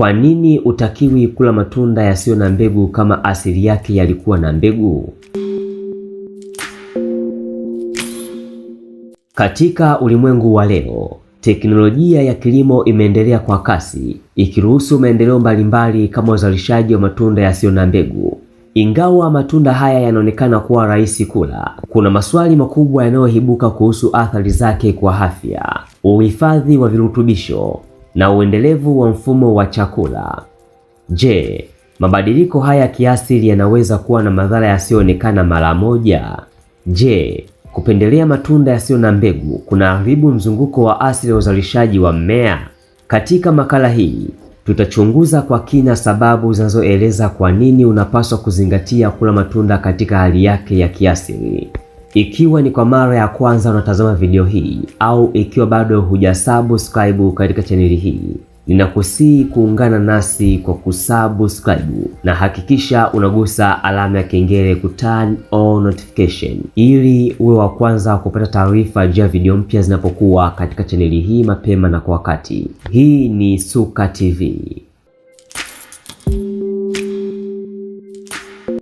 Kwa nini utakiwi kula matunda yasiyo na mbegu kama asili yake yalikuwa na mbegu? Katika ulimwengu wa leo, teknolojia ya kilimo imeendelea kwa kasi, ikiruhusu maendeleo mbalimbali kama uzalishaji wa matunda yasiyo na mbegu. Ingawa matunda haya yanaonekana kuwa rahisi kula, kuna maswali makubwa yanayoibuka kuhusu athari zake kwa afya, uhifadhi wa virutubisho na uendelevu wa mfumo wa chakula. Je, mabadiliko haya kiasili yanaweza kuwa na madhara yasiyoonekana mara moja? Je, kupendelea matunda yasiyo na mbegu kunaharibu mzunguko wa asili ya uzalishaji wa mmea? Katika makala hii tutachunguza kwa kina sababu zinazoeleza kwa nini unapaswa kuzingatia kula matunda katika hali yake ya kiasili. Ikiwa ni kwa mara ya kwanza unatazama video hii au ikiwa bado hujasubscribe katika chaneli hii, ninakusii kuungana nasi kwa kusubscribe na hakikisha unagusa alama ya kengele ku turn on notification ili uwe wa kwanza kupata taarifa juu ya video mpya zinapokuwa katika chaneli hii mapema na kwa wakati. Hii ni Suka TV.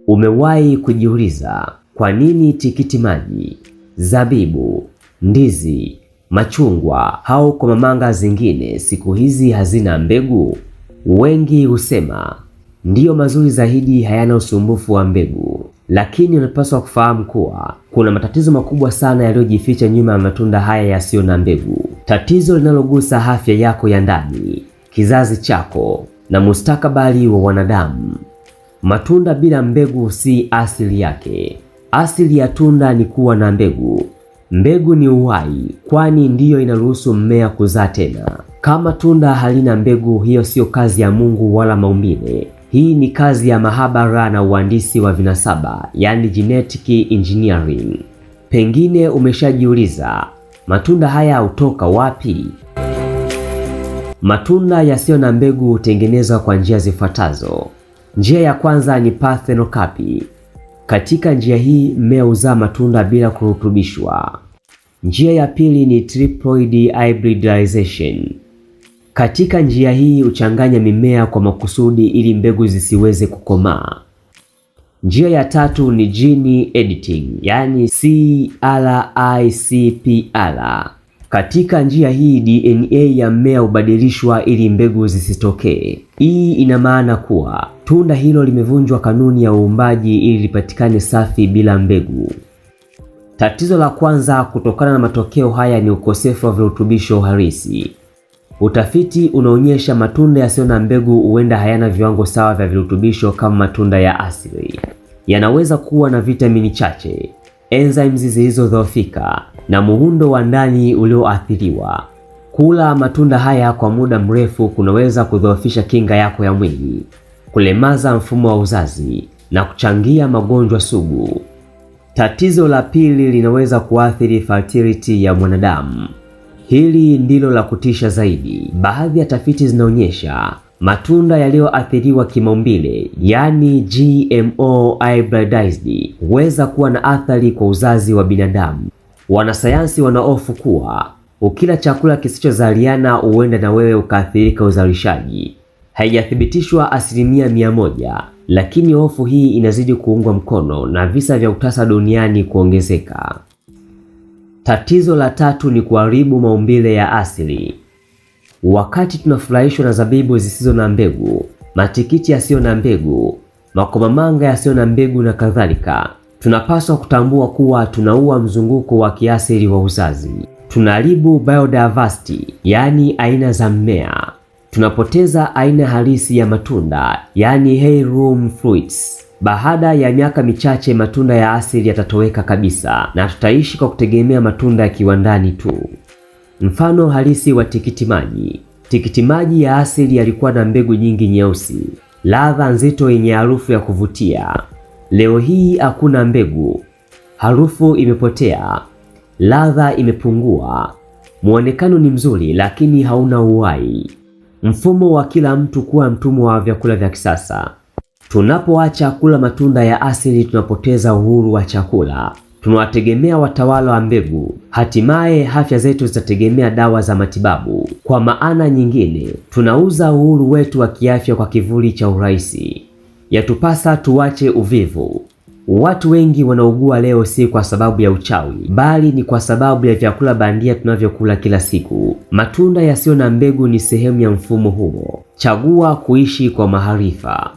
Umewahi kujiuliza kwa nini tikiti maji, zabibu, ndizi, machungwa au komamanga zingine siku hizi hazina mbegu? Wengi husema ndiyo mazuri zaidi, hayana usumbufu wa mbegu, lakini unapaswa kufahamu kuwa kuna matatizo makubwa sana yaliyojificha nyuma ya matunda haya yasiyo na mbegu, tatizo linalogusa afya yako ya ndani, kizazi chako na mustakabali wa wanadamu. Matunda bila mbegu si asili yake. Asili ya tunda ni kuwa na mbegu. Mbegu ni uhai, kwani ndiyo inaruhusu mmea kuzaa tena. Kama tunda halina mbegu, hiyo sio kazi ya Mungu wala maumbile. Hii ni kazi ya mahabara na uhandisi wa vinasaba, yaani genetic engineering. Pengine umeshajiuliza matunda haya hutoka wapi? Matunda yasiyo na mbegu hutengenezwa kwa njia zifuatazo. Njia ya kwanza ni parthenocarpy katika njia hii mmea huzaa matunda bila kurutubishwa. Njia ya pili ni triploid hybridization. Katika njia hii huchanganya mimea kwa makusudi ili mbegu zisiweze kukomaa. Njia ya tatu ni gene editing, yani CRISPR. Katika njia hii DNA ya mmea hubadilishwa ili mbegu zisitokee. Hii ina maana kuwa Tunda hilo limevunjwa kanuni ya uumbaji ili lipatikane safi bila mbegu. Tatizo la kwanza kutokana na matokeo haya ni ukosefu wa virutubisho halisi. Utafiti unaonyesha matunda yasiyo na mbegu huenda hayana viwango sawa vya virutubisho kama matunda ya asili. Yanaweza kuwa na vitamini chache, enzymes zilizodhoofika na muundo wa ndani ulioathiriwa. Kula matunda haya kwa muda mrefu kunaweza kudhoofisha kinga yako ya mwili kulemaza mfumo wa uzazi na kuchangia magonjwa sugu. Tatizo la pili linaweza kuathiri fertility ya mwanadamu. Hili ndilo la kutisha zaidi. Baadhi ya tafiti zinaonyesha matunda yaliyoathiriwa kimaumbile, yani GMO hybridized, huweza kuwa na athari kwa uzazi wa binadamu. Wanasayansi wanaofu kuwa ukila chakula kisichozaliana huenda na wewe ukaathirika uzalishaji haijathibitishwa asilimia mia moja, lakini hofu hii inazidi kuungwa mkono na visa vya utasa duniani kuongezeka. Tatizo la tatu ni kuharibu maumbile ya asili. Wakati tunafurahishwa na zabibu zisizo na mbegu, matikiti yasiyo na mbegu, makomamanga yasiyo na mbegu na kadhalika, tunapaswa kutambua kuwa tunaua mzunguko wa kiasili wa uzazi. Tunaharibu biodiversity, yaani aina za mmea tunapoteza aina halisi ya matunda, yaani heirloom fruits. Baada ya miaka michache matunda ya asili yatatoweka kabisa na tutaishi kwa kutegemea matunda ya kiwandani tu. Mfano halisi wa tikiti maji. Tikiti maji ya asili yalikuwa na mbegu nyingi nyeusi, ladha nzito yenye harufu ya kuvutia. Leo hii hakuna mbegu, harufu imepotea, ladha imepungua, muonekano ni mzuri lakini hauna uhai. Mfumo wa kila mtu kuwa mtumwa wa vyakula vya kisasa. Tunapoacha kula matunda ya asili, tunapoteza uhuru wa chakula, tunawategemea watawala wa mbegu. Hatimaye afya zetu zitategemea dawa za matibabu. Kwa maana nyingine, tunauza uhuru wetu wa kiafya kwa kivuli cha urahisi. Yatupasa tuache uvivu, Watu wengi wanaugua leo si kwa sababu ya uchawi, bali ni kwa sababu ya vyakula bandia tunavyokula kila siku. Matunda yasiyo na mbegu ni sehemu ya mfumo huo. Chagua kuishi kwa maarifa.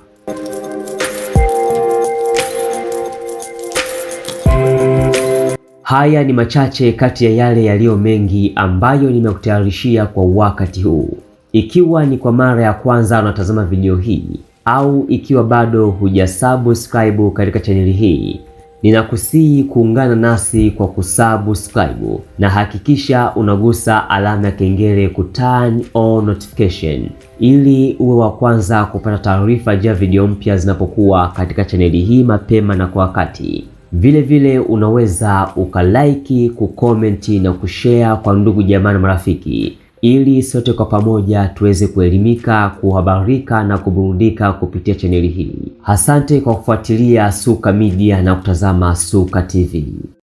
Haya ni machache kati ya yale yaliyo mengi ambayo nimekutayarishia kwa wakati huu. Ikiwa ni kwa mara ya kwanza unatazama video hii au ikiwa bado hujasubscribe katika chaneli hii, ninakusihi kuungana nasi kwa kusubscribe na hakikisha unagusa alama ya kengele ku turn on notification ili uwe wa kwanza kupata taarifa ya video mpya zinapokuwa katika chaneli hii mapema na kwa wakati. Vile vile unaweza ukalaiki, kukomenti na kushare kwa ndugu, jamaa na marafiki ili sote kwa pamoja tuweze kuelimika, kuhabarika na kuburudika kupitia chaneli hii. Asante kwa kufuatilia Suka Media na kutazama Suka TV.